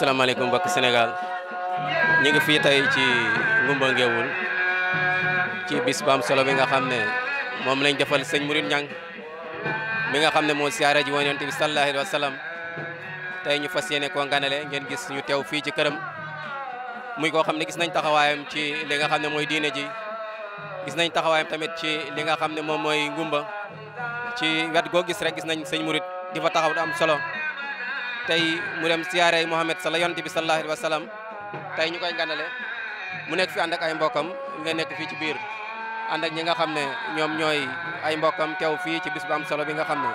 asalaamaaleykum mbokk Sénégal ñu ngi fii tey ci Ngumba Ngeewul ci bis bu am solo bi nga xam ne moom lañ defal sëñ Mouride Niang mi nga xam ne moo siyaare ji woon yonent bi sallallahu alayhi wa sallam ñu fas yéene koo nganale ngeen gis ñu teew fii ci këram muy koo xam ne gis nañ taxawaayam ci li nga xam ne mooy diine ji gis nañ taxawaayam tamit ci li nga xam ne moom mooy ngumba ci wet goo gis rek gis nañ sëñ murit di fa taxaw du am solo tay mu dem siyaare Muhammad bi sallallahu alaihi wa sallam tey ñu koy gàndale mu nek fi and ak ay mbokam nga nek fii ci biir and ak ñi nga xam ne ñoom ay mbokam tew fi ci bisbu am solo bi nga xamné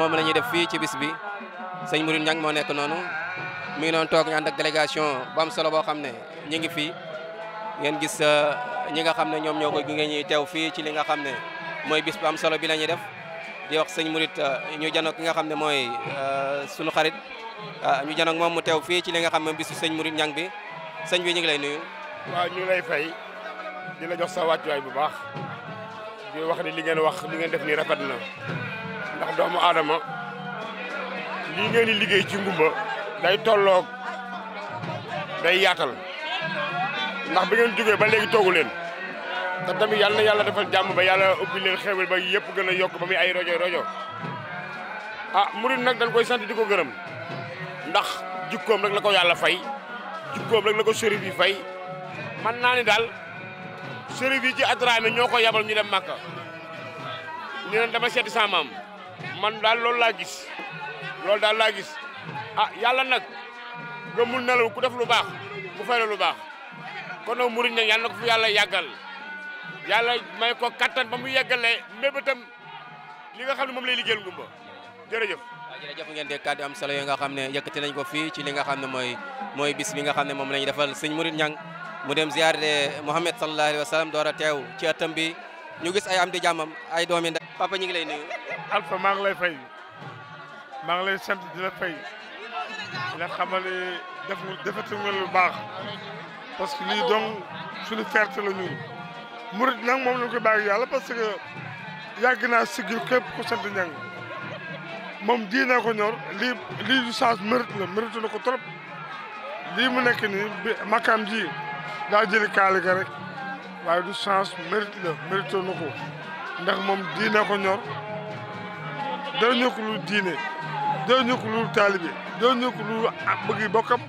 mom lañuy def fii ci bis bi seigne mourid ñang mo nek nonu mi ngi noonu toog ñu ak délégation bu am solo bo xamné ne ngi fii ngeen gis euh, ñi nga xam ne ñoom ñoo koy gunge ñuy teew fii ci li nga xamné moy bis bu am solo bi lañuy def di wax seigne mourid euh, ñu jano ki nga xam moy euh, suñu xarit Ah, ñu janoog moom mu teew fii ci li nga xam ne bisu sëñ Mouride Niang bi sëñ bi ñu ngi lay nuyu. waaw ñu ngi lay fay di la jox sa wàccuwaay bu baax di wax ni li ngeen wax li def nii rafet na ndax doomu aadama lii ngeen di liggéey ci ngumba day tolloog day yaatal ndax bi ngeen jógee ba léegi toogu leen te tamit yàlla na yàlla defal jàmm ba yàlla ubbi leen xéewal ba yëpp gën a yokk ba muy ay rojo rojo ah murid nag dañ koy sant di ko gërëm. ndax jikkoom rek la ko yàlla fay jikkoom rek la ko shérif yi fay man naa ni daal shérif yi ci Adraame ñoo ko yabal ñu dem Màkka ñu ne dama seeti sama man daal loolu laa gis loolu daal laa gis a ah, yàlla nag gëmul nelaw ku def lu baax bu lu baax kon nag murid nag yàlla na ko fi yàlla yàggal yàlla may ko kattan ba mu yàggalee mébétam li nga xam ne moom li liggéeyal ngumba jërëjëf jërëjëf ngeen de kàddu am solo yi nga xam ne yëkkati nañ ko fii ci li nga xam ne mooy mooy bis bi nga xam ne moom la ñu defal sëñ Murid Ñang mu dem ziyaare Muhammad sallallahu alayhi wa sallam door a teew ci ëttam bi ñu gis ay am di jàmmam ay doomi nda papa ñu ngi lay nuyu Alpha maa ngi lay fay maa ngi lay sant di la fay di la xamal def lu baax parce que lii donc suñu fierté la ñun Murid nag moom lañ koy bàyyi yàlla parce que yàgg naa sigil képp ku sant Ñang moom diine ko ñor lii lii du chance mérite la ko trop lii mu nekk nii bi makkaam ji daa jëli kaali rek waaye du chance mérite la na ko ndax moom diine ko ñor doo ñëkk lu diine doo ñëkk lu taalibe doo ñëkk lu bëgg bokkam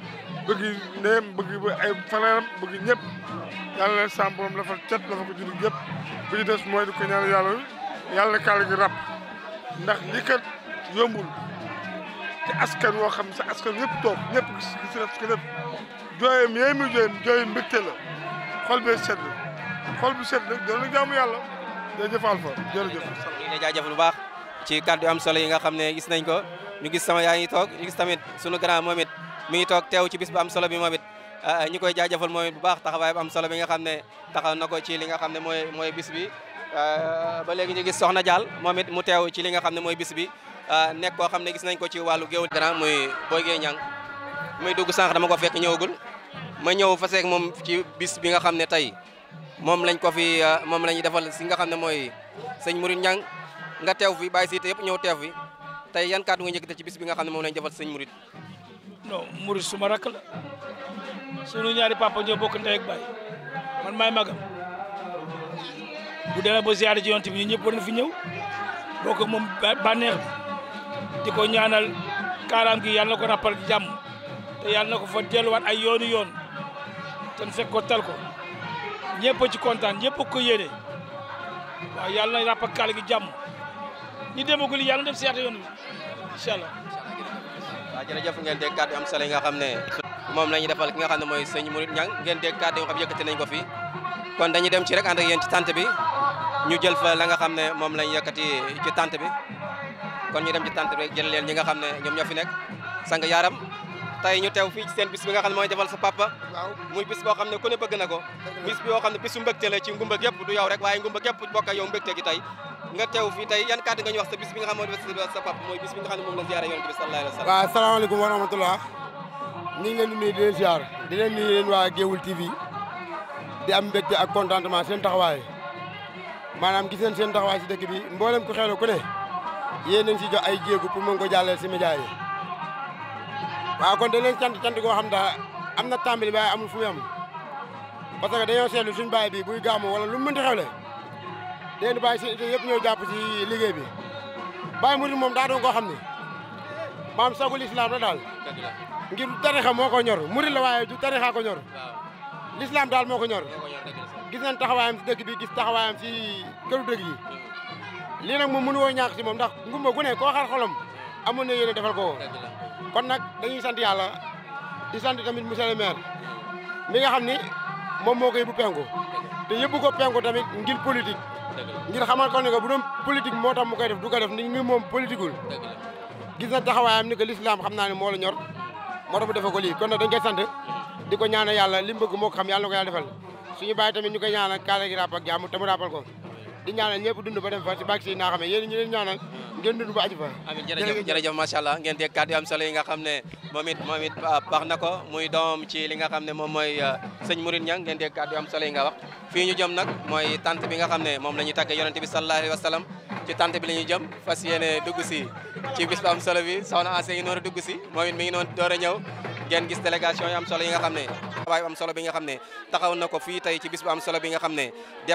bëgg ndeyam bëgg ay fareeram bëgg ñëpp yàlla leen sàmm cet dafa ko juri yëpp bi ñu des mooy di ko ñaan yàlla yàlla kaali gi ràpp ndax lii yombul te askan woo xam sa askan ñëpp toog ñëpp gis gis na ko lépp jooyam yee muy jooyam jooyam mbégte la xol bee sedd bu sedd nag doon na jaamu yàlla jërëjëf Alpha jërëjëf. ñu ngi jaajëf lu baax ci kàddu am solo yi nga xam ne gis nañ ko ñu gis sama yaa ngi toog ñu gis tamit sunu grand moom it mi ngi toog teew ci bis bu am solo bi moom it ah, ñu koy jaajëfal moom bu baax taxa baay am solo bi nga xam ne taxaw na ko ci li nga xam ne mooy mooy bis bi ah, ba léegi ñu gis soxna jaal moom mu teew ci li nga xam ne mooy bis Ah, nekk koo xam ne gis nañ ko ci wàllu géew grand mooy booy Gueye Niang muy dugg sànq dama ko fekk ñëwagul ma ñëw faseek moom ci bis bi nga xam ne tey moom lañ ko fi ah, moom la ñuy defal si nga xam ne mooy sëñ Mouride Niang nga teew fi bàyyi si te yëpp ñëw teew fi tey yan kàddu nga njëkkate ci bis bi nga xam ne moom lañ defal sëñ Mouride non Mouride suma rakk la sunu ñaari papa ñoo bokk ndey ak man maay magam bu demee ba ziyaare ji yonent bi ñu ñëpp war na fi ñëw bokk moom diko ñaanal karam gi yalla na ko rappal jàmm te yalla na ko fa wat ay yoonu yoon tan fek ko tal ko ñepp ci contane ñepp ko yene wa yalla na rappal kaal gi jàmm ñi demagul yàlla na dem seeta yoon bi incha allah. waaw jërëjëf ngeen dégg kaddu am solo nga xam mom lañu defal ki nga xam moy mooy mourid Ñang ngeen dégg kaddu nga xam yëkëti nañ ko fi kon dañu dem ci rek and ak yeen ci tante bi ñu jël fa la nga xam mom lañu yëkëti ci tante bi. kon ñu dem ci tànt bi leen ñi nga xam ne ñoom ñoo fi yaaram tey ñu teew fii ci seen nga xam ne mooy defal sa papa muy bis boo xam ne ku ne bëgg na ko bis bi yoo xam ne bisu nga fii tey yan bi nga xam ne mooy defal sa papa mooy nga xam ne moom la ziyaare yonent bi sallallahu alayhi wa sallam waaw asalaamaaleykum wa rahmatullah ñu ngi leen di nuyu di leen ziar di leen nuyu leen waa Géewul TV di am mbégte ak contentement seen taxawaay maanaam gis seen seen taxawaay si dëkk bi mboolem ku xeelo ku ne yéen a ngi si jox ay jéego pour mën ko jàllale si média yi waaw kon dañ leen cant cant goo xam daa am na tàmbali waaye amul fu mu am parce que dañoo seetlu suñu baay bi buy gàmmu wala lu mu mënti xewle dañu bàyyi seen itte jàpp si liggéey bi Baye Mouride moom daa doon koo xam ne maam sagul islam la daal ngi du tarixa moo ko ñor Mouride la waaye du tarixa ko ñor l'islam daal moo ko ñor gis nañ taxawaayam si dëkk bi gis taxawaayam si këru dëkk yi hmm. lii nag moom mënu woo ñàkk ci moom ndax ngumba gu ne koo xar xolam amoon na yéene defal ko kon nag dañuy sant yàlla di sant tamit monsieur le mi nga xam ni moom moo ko yóbbu penku te yóbbu ko penku tamit ngir politique ngir xamal ko ne ko bu doon politique moo tax mu koy def du ko def ni ngi moom politiqueul gis na taxawaayam ni que l'islam xam naa ne moo la ñor moo tax mu defe ko lii kon nag dañ koy sant di ko ñaanal yàlla li mu bëgg moo ko xam yàlla na di ñaanal ñëpp dund ba dem fa ci bàq si naa xam ne yéen ñaanal ngeen dund aji fa amiin jërëjëf jërëjëf macha allah ngeen teg kàddu am solo yi nga xam ne moom it moom it ah, baax na ko muy doom ci li nga xam ne moom mooy ah, sëñ Mouride Niang ngeen teg kàddu am solo yi nga wax fii ñu jëm nag mooy tant bi nga xam ne moom la ñu tàgge yonente bi sallallahu alayhi wa ci tant bi la ñu jëm fas yéene dugg si ci bis bu am solo bi soxna Assa yi noonu dugg si moom it mi ngi noonu door a ñëw gis délégation yi am solo yi nga xam ne taxawaay bu am solo bi nga xam ne taxaw ko fii ci am solo bi nga xam ne li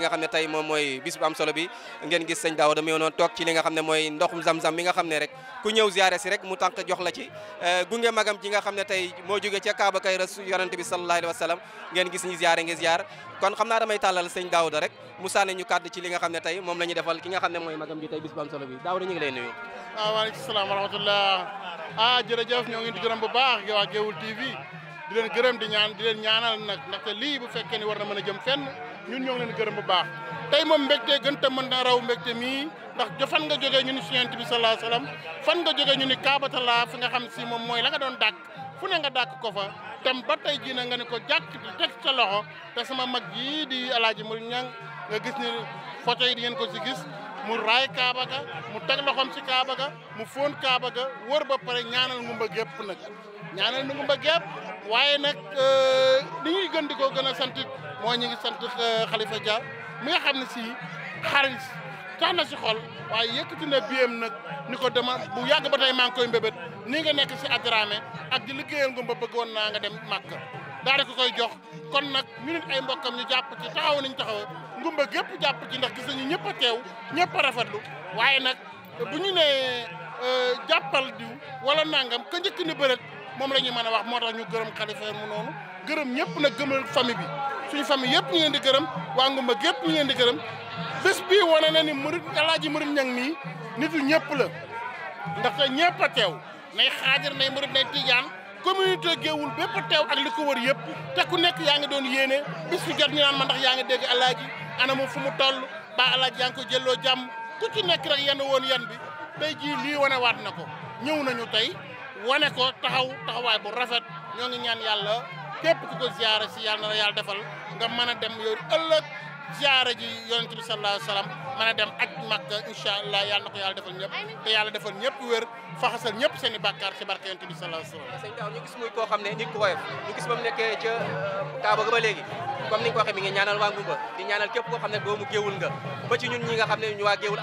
nga xam ne tey moom mooy bis bu am solo bi ngeen gis sëñ Daouda mi noonu toog ci li nga xam ne mooy ndoxum zam-zam mi nga xam ne rek ku ñëw ziare si rek mu tànk jox la ci eh, gunge magam ji nga xam ne tey moo jóge ca Kaaba kay rasu yonent bi sallallahu alayhi ngeen gis ñu ngi ziar kon xam naa damay tàllal sëñ Daouda rek mu sànni ñu kàddu ci li nga xam ne tey moom la ñu defal ki nga xam ne mooy magam ji leen gërëm di ñaan di leen ñaanal nag te lii bu fekkee ni war na mën a jëm fenn ñun ñoo leen gërëm bu baax tey moom mbégte gën ta mën na raw mbégte mii ndax fan nga jógee ñu ni si suñent bi sallallahu alayhi wasallam fan nga jógee ñu ni kaabatala fi nga xam si moom mooy la nga doon dàkk fu ne nga dàkk ko fa tam ba tey jii na nga ne ko jàkk di teg sa loxo te sama mag yii di alaaji mari ñang nga gis ni photo yi di ngeen ko si gis mu raay kaaba ga mu teg loxom si kaaba ga mu fóon kaaba ga wër ba pare ñaanal ñaanal nu ngi mbëgg yëpp waaye nag euh, li ñuy gën di ko sant mooy ñu ngi sant euh, Khalifa Dia mi nga xam ne si xarit tax na si xol waaye yëkkati na biyam nag ni ko dama bu yàgg ba tey maa ngi ni nga nekk si Adramé ak di liggéeyal nga ba bëgg woon naa nga dem màkk daal ko koy jox kon nak ñu nit ay mbokkam ñu jàpp ci taxaw nañ taxaw ngumba gépp jàpp ci ndax gis nañu ñëpp a teew ñëpp a rafetlu waaye nag bu ñu nee euh, diw wala nangam ka njëkk ni bërët moom la ñuy mën a wax moo tax ñu gërëm xalifa mu noonu gërëm ñëpp nag gëmal famille bi suñu famille yëpp ñu leen di gërëm waa Ngumba yëpp ñu leen di gërëm bés bii wane na ni murit alaaji murit ñang mii nitu ñëpp la ndaxte ñëpp a teew nay xaajar nay murit nay tijaan ñu géewul bépp a teew ak li ko wër yëpp te ku nekk yaa ngi doon yéene bis bi jot ñu naan ma ndax yaa ngi dégg alaaji ana mu fu mu toll baa alaaji yaa ngi jëlloo jàmm ku ci nekk rek yenn woon yan bi tey jii lii wane waat na ko ñëw nañu tey wane ko taxaw taxawaay bu rafet ñoo ngi ñaan yàlla képp ku ko ziyaara si yàlla na la yàlla defal nga mën a dem yow ëllëg ziyaara ji yonent bi sallallahu alayhi wa sallam mën dem ak Makka incha allah yàlla na ko yàlla defal ñëpp te yàlla defal ñëpp wér faxasal ñëpp seen i bàkkaar si barke yonent bi koo xam ne nit ku woyof ñu gis ba ca euh, Kaaba ga ba léegi comme ni nga ko waxee mi ngi ñaanal waa Ngumba di ñaanal képp koo xam ne doomu géewul nga ba ñun ñi nga xam ne ñu waa géewul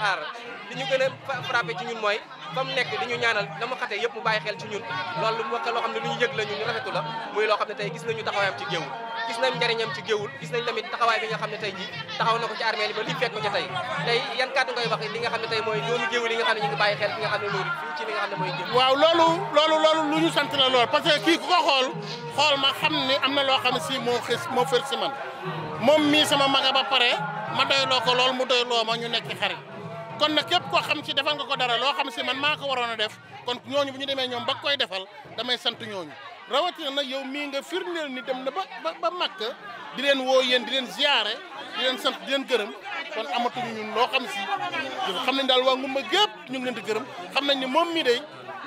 li ñu gën a frappé ci ñun mooy fa mu nekk di ñu ñaanal na mu xatee yëpp mu bàyyi xel ci ñun loolu lu mu wax loo xam ne lu ñu yëg la ñu rafetu muy loo xam ne tey gis nañu taxawaayam ci géewul gis nañ njariñam ci géewul gis nañ tamit taxawaay bi nga xam ne tey jii taxaw na ko ci armée ba lii fekk ko ca tey yan kàddu ngay wax li nga xam ne tey mooy doomu géewul yi loolu loolu loolu lu ñu sant lool parce que kii ku ko xool xool ma xam ni am na loo xam ne s moo xis moo fër si man sama maga ba pare ma doy loo ko lool mu doy loo ma nekk xarit kon nag képp koo xam si defal nga ko dara loo xam si man maa ko waroon a def kon ñooñu bu ñu demee ñoom ba koy defal damay sant ñooñu rawatina nag yow mii nga firndeel ni dem na ba ba ba màkk di leen woo yéen di leen ziyaare di leen sant di gërëm kon amatuñu ñun loo xam si xam nañ daal waa ngumba gépp ñu ngi leen di gërëm xam nañ ni moom mi day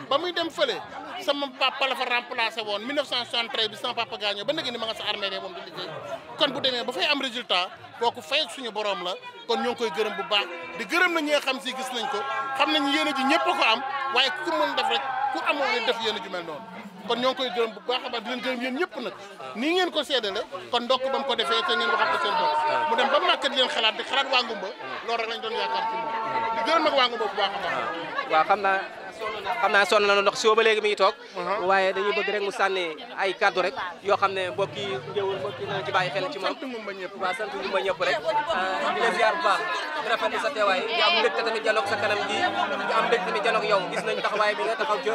ba muy dem fële sama papa la fa remplacé woon 1973 bi sama papa gaañoo ba léegi ni ma nga sa armée de moom di liggéey kon bu demee ba fay am résultat kooku fay suñu borom la kon ñoo koy gërëm bu baax di gërëm na ñi nga xam si gis nañ ko xam nañ yéen a ji ko am waaye ku mën def rek ku amoon ne def yéen mel noonu kon ñoo koy gërëm bu baax a di leen gërëm yéen ñëpp nag nii ngeen ko seedale kon ndokk ba mu ko defee seen bopp ba màkk di leen xalaat di xalaat waa Ngumba loolu rek lañ doon yaakaar ci moom bu xam naa xam naa sonn na ndox si ba léegi mi ngi toog uh-huh. waaye dañuy bëgg rek mu sànni ay kaddu rek yoo xam ne mbokk yi njëwul mbokk yi nañ ci bàyyi xel ci moom ba ñëpp rek uh, di la ziar bu baax di rafetlu sa teewaay di am mbégte tamit janoog sa kanam gi di am mbégte tamit janoog yow gis nañ tax waaye bi nga taxaw ci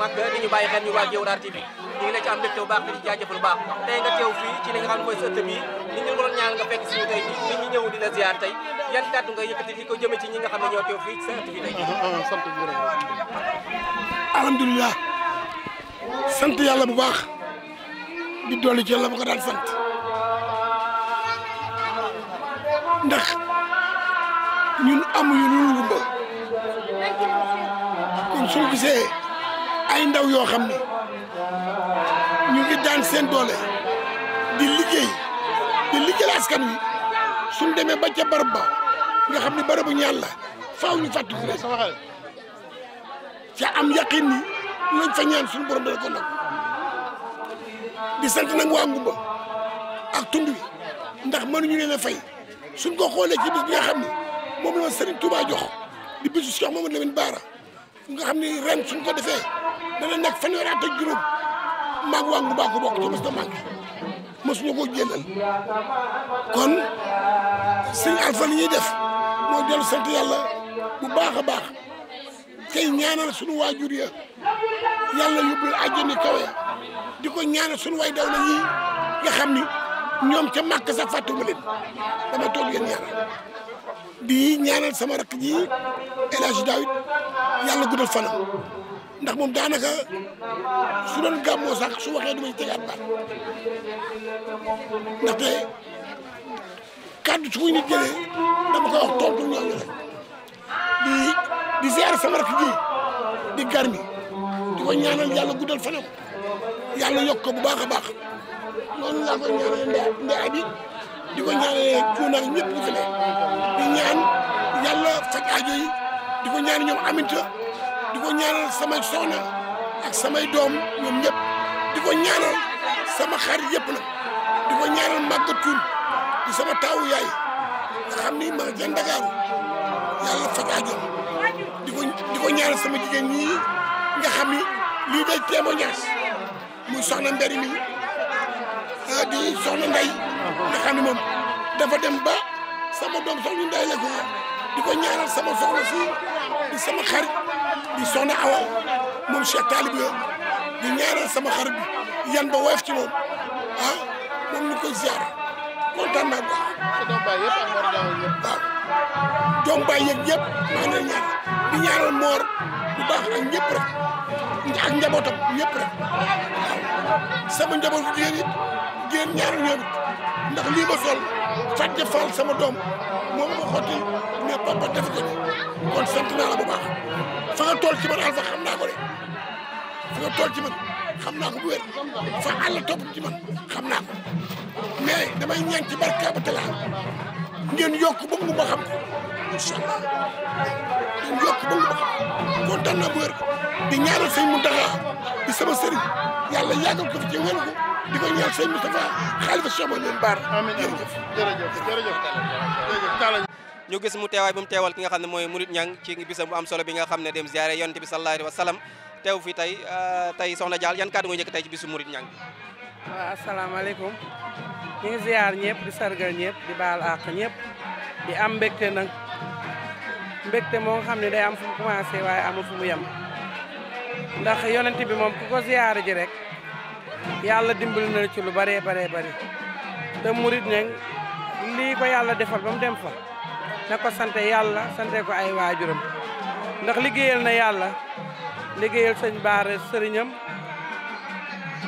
mag di ñu bàyyi xel ñu waa Gueoulart TV ñu ngi la ci am a bu baax di jaajëfal bu baax tey nga teew fii ci li nga xam ne sa ëtt bi nit ñi doon ñaan nga fekk si ñu tey nit ñi ñëw di la ziar tey yan kàddu nga yëkkati di jëme ci ñi nga xam ñoo teew fii bu baax di dolli ci yàlla bu ko daan sant ndax ñun amuñu lu ñu gumba kon suñu gisee ay ndaw yoo xam ñu ngi daan seen doole di liggéey di askan wi ba ca nga xam ne bërëbu ñaan la faaw ñu fàttali leen ca am yaqin ni fa ñaan suñu borom dana ko nag di sant nag waa Ngumba ak tund wi ndax mënuñu leen a fay suñ ko xoolee ci bis bi nga xam ne moom la ma Serigne Touba jox di bisu Cheikh Mamadou Lamine Bara nga xam ne ren suñ ko defee dana nekk fanweeri at ak juróom maag a Ngumba ko bokk ci mos na manqué mosuñu ko jëlal kon sëñ Alpha li def. mooy dellu sant yàlla bu baax a baax tey ñaanal sunu waajur ya yàlla yóbbul àjjani kawe di ko ñaanal sunu way daw yi nga xam ni ñoom ca màkk sax fàttuma leen dama toog leen ñaanal di ñaanal sama rakk ji El Hadj Daoud yàlla guddal ndax moom daanaka su doon gàmmoo sax su waxee du ma ci tegaat baat kàddu su ñu jëlee dama koy wax tontu ñooñu rek di di ziar sama rakk ji di garmi di ko ñaanal yàlla guddal fanam yàlla yokk bu baax a baax laa koy ñaanal ndey ndey di ko ñaanalee kuuna ak ñëpp ñu di ñaan yàlla faj aajo di ko ñaan ñoom aminta di ko ñaanal samay soxna ak samay doom ñoom ñëpp di ko ñaanal sama xar yëpp nag di ko ñaanal màggatul di sama taawu yaay nga xam ni maa ngi leen Ndakaaru yàlla faj aajoom di di ko ñaanal sama jigéen ñi nga xam ni lii day témoignage muy soxna Mbéri mi ah, di soxna Ndeye nga xam ni moom dafa dem ba sama doom soxna Ndeye la ko di ko ñaanal sama soxna si di sama xarit di soxna Awa moom Cheikh Talib di ñaanal sama xarit yan ba woyof ci moom ah moom ñu koy ziar. kontaan naa quoi. sa doom baay yëpp ak Mor Diaw yëpp. waaw ñaar di ñaaral Mor baax ak ñëpp rek ak njabootam ñëpp rek waaw sama njaboot bi yéen it ngeen ñaaral ñoom it ndax lii ma sol fàtte Fall sama doom moom ma xotti papa def ko kon sant naa la bu baax fa nga toll ci xam naa ko fi nga tool ci man xam naa ko bu wér fa àll topp ci xam naa ko mais damay ñaan barka ba talaa ngeen yokk bëgg mu ma xam ko incha allah ngeen yokk bëgg ma xam kontaan naa bu wér di ñaanal sëñ Mountakha di sama sëriñ yàlla yàggal ko fi ci wér ko di ko ñaan sëñ mu teewaay bu mu teewal nga xam ne mooy Murit Ñang ci bisam bu am solo bi nga xam ne dem ziare yonent bi sallallahu alayhi wa sallam teew fi tey euh, tey soxna Dial yan kàddu nga njëkk tey ci bisu Murit Ñang waaw asalaamaaleykum ñu ngi ziar ñëpp di sargal ñëpp di baal àq ñëpp di am mbégte nag mbégte moo xam ne day am fu mu commencé waaye amul fu mu yem ndax yonent bi moom ku ko ziar ji rek yàlla dimbali na ci lu baree baree bari te Murit Ñang lii ko yàlla defal ba mu dem fa na ko sante yàlla sante ko ay waajuram ndax liggéeyal na yàlla liggéeyal sëñ Baara sëriñam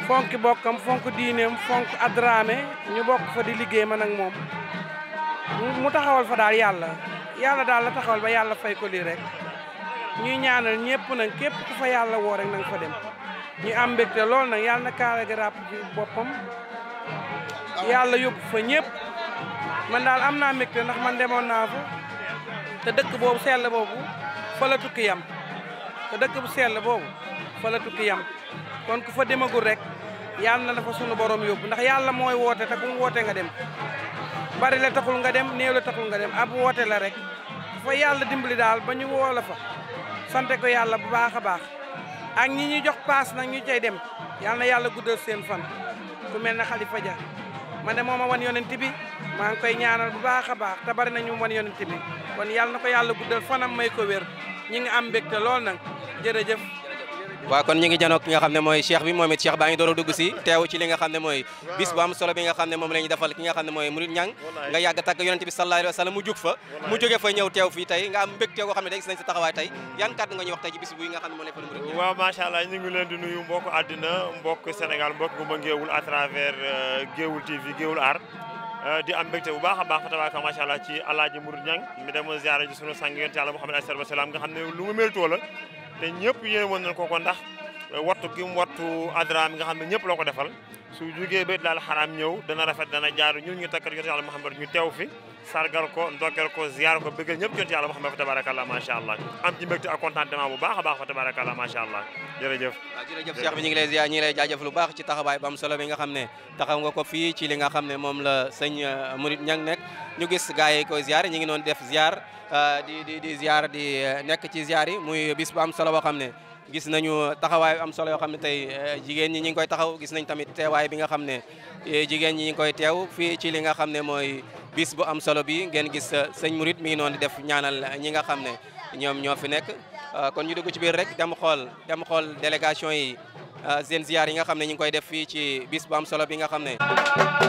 fonki bokkam fonk diineem fonk adraame ñu bokk fa di liggéey man ak moom mu taxawal fa daal yàlla yàlla daal la taxawal ba yàlla fay ko lii rek ñuy ñaanal ñëpp nag képp ku fa yàlla woo rek nanga fa dem ñu am lool nag yàlla na kaala gi ràpp ci boppam yàlla yóbbu fa ñëpp man daal am naa mbégte ndax man demoon naa fa dëkk boobu sell boobu fa la tukki te dëkk bu sell boobu fa la tukki yam kon ku fa demagul rek yàlla na dafa sunu borom yóbbu ndax yàlla mooy woote te ku mu woote nga dem bari la taxul nga dem néew la taxul nga dem ab woote la rek fa yàlla dimbali daal ba ñu woo la fa sante ko yàlla bu baax a baax ak ñi ñuy jox paas nag ñu cay dem yàlla na yàlla guddal seen fan ku mel na Khalifa Dia ma ne mooma wan yonent bi maa ngi koy ñaanal bu baax a baax te bari na ñu wan yonent bi kon yàlla na ko yàlla guddal fanam may ko wér ñi ngi am mbégte lool nag jërëjëf waaw kon ñu ngi janook ki nga xam ne mooy cheikh bi moom it cheikh baa ngi door a dugg si teew ci li nga xam ne mooy bis bu am solo bi nga xam ne moom la ñu defal ki nga xam ne mooy murid ñang nga yàgg tàgg yonente bi sallallahu alayhi wa sallam mu jug fa mu jóge fa ñëw teew fii tey nga am mbégte goo xam ne day gis nañ sa taxawaay tey yan kàddu nga ñuy wax tey ci bis bu nga xam ne moom la defal murid ñang waaw macha allah ñu ngi leen di nuyu mbokk àddina euh, euh, baax a baax fa tabaaka macha allah ci alaaji murid ñang mi demoon ziara ji sunu sang yonent yàlla Muhammad sallallahu alayhi wa xam ne lu la te ñëpp yéen woon nañ ko ko ndax wattu gi mu wattu adra nga xam ne ñëpp loo ko defal su jugee bayt laal xaraam ñëw dana rafet dana jaaru ñun ñu takkar yonent Yàlla ma ñu teew fi sargal ko ndokkeel ko ziar ko bëggal ñëpp jot yàlla Muhammad fa tabarakallah macha allah am ci mbégte ak contentement bu baax a baax fa tabarakallah macha allah jërëjëf waaw jërëjëf Cheikh bi ñu ngi lay ziar lu baax ci taxawaay bu am solo bi nga xam ne taxaw nga ko fii ci li nga xam ne moom la sëñ euh, Murid Ñang nekk ñu gis gars yi koy ziar ñu ngi noonu def ziar euh, di di di ziar di euh, nekk ci ziar yi muy bis bu am solo boo xam ne gis nañu taxawaay am solo yoo xam ne tey eh, jigéen ñi ñi ngi koy taxaw gis nañ tamit teewaay bi nga xam ne eh, jigéen ñi ñi ngi koy teew fii ci li nga xam ne mooy bis bu am solo bi ngeen gis eh, sëñ Murit mi ngi noonu di def ñaanal ñi nga xam ne ñoom ñoo fi nekk kon ñu dugg ci biir rek dem xool dem xool délégation yi seen ziar yi nga xam ne ñi ngi koy def fii ci bis bu am solo bi nga xam ne